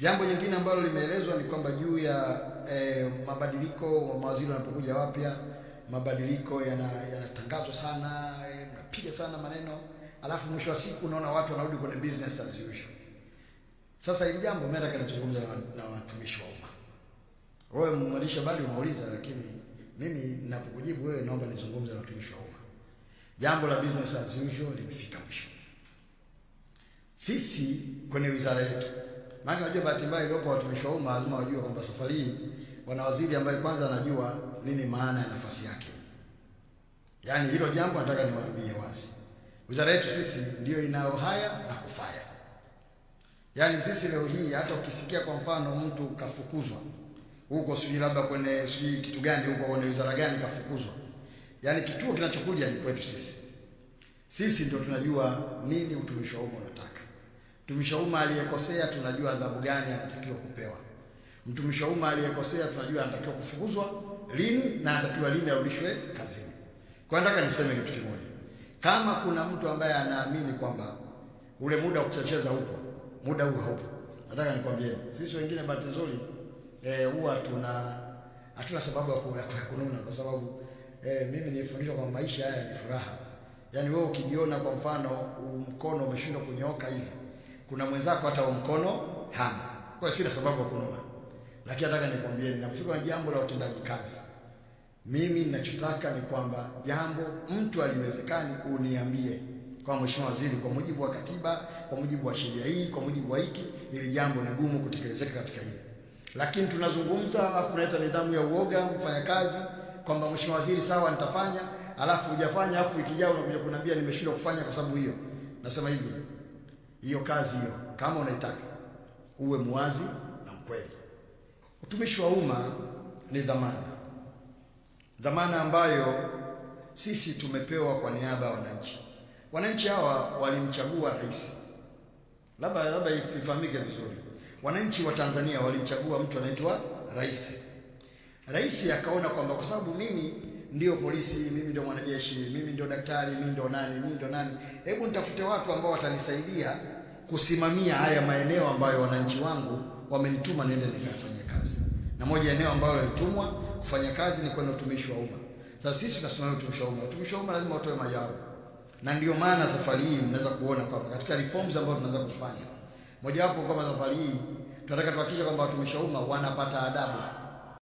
Jambo jingine ambalo limeelezwa ni kwamba juu ya eh, mabadiliko wa mawaziri wanapokuja wapya, mabadiliko yanatangazwa yana sana, eh, mnapiga sana maneno, alafu mwisho wa siku unaona watu wanarudi kwenye business as usual. Sasa hili jambo mimi nataka nizungumze na watumishi wa umma. Wewe mwandishi bali unauliza, lakini mimi ninapokujibu wewe naomba nizungumze na watumishi wa umma. Jambo la business as usual limefika mwisho. Sisi kwenye wizara yetu maana unajua bahati mbaya iliyopo watumishi wa umma lazima wajue kwamba safari hii bwana waziri ambaye kwanza anajua nini maana ya nafasi yake. Yaani hilo jambo nataka niwaambie wazi. Wizara yetu sisi ndio inao haya na kufaya. Yaani sisi leo hii hata ukisikia kwa mfano mtu kafukuzwa huko sijui labda kwenye sijui kitu gani huko kwenye wizara gani kafukuzwa. Yaani kituo kinachokuja ni kwetu sisi. Sisi ndio tunajua nini utumishi wa umma unataka. Mtumishi wa umma aliyekosea tunajua adhabu gani anatakiwa kupewa. Mtumishi wa umma aliyekosea tunajua anatakiwa kufukuzwa lini na anatakiwa lini arudishwe kazini. Kwa nataka niseme kitu kimoja, kama kuna mtu ambaye anaamini kwamba ule muda wa kuchecheza upo, muda huu haupo, nataka nikwambie, sisi wengine bahati nzuri eh, huwa tuna hatuna sababu ya kununa kwa sababu e, mimi nilifundishwa kwa maisha haya ni furaha. Yaani wewe ukijiona kwa mfano mkono umeshindwa kunyooka hivi kuna mwenzako hata wa mkono hana. Kwa hiyo sina sababu ya kununa, lakini nataka nikwambie ninapofika na jambo la utendaji kazi, mimi ninachotaka ni kwamba jambo mtu aliwezekani uniambie kwa Mheshimiwa Waziri, kwa mujibu wa katiba, kwa mujibu wa sheria hii, kwa mujibu wa hiki, ili jambo ni gumu kutekelezeka katika hili. Lakini tunazungumza alafu unaleta nidhamu ya uoga mfanya kazi kwamba Mheshimiwa Waziri, sawa nitafanya, alafu hujafanya, alafu ikijao unakuja kuniambia nimeshindwa kufanya kwa sababu hiyo. Nasema hivi hiyo kazi hiyo, kama unaitaka uwe mwazi na mkweli. Utumishi wa umma ni dhamana, dhamana ambayo sisi tumepewa kwa niaba ya wananchi. Wananchi hawa walimchagua rais, labda labda ifahamike vizuri, wananchi wa Tanzania walimchagua mtu anaitwa rais. Rais akaona kwamba kwa sababu mimi ndio polisi, mimi ndio mwanajeshi, mimi ndio daktari, mimi ndio nani, mimi ndio nani. Hebu nitafute watu ambao watanisaidia kusimamia haya maeneo ambayo wananchi wangu wamenituma niende nikafanye kazi. Na moja eneo ambalo nilitumwa kufanya kazi ni kwenye utumishi wa umma. Sasa sisi tunasimamia utumishi wa umma. Utumishi wa umma lazima utoe majabu. Na ndio maana safari hii mnaweza kuona kwamba katika reforms ambazo tunaweza kufanya, mojawapo kama safari hii tunataka tuhakikishe kwamba watumishi wa umma wanapata adabu.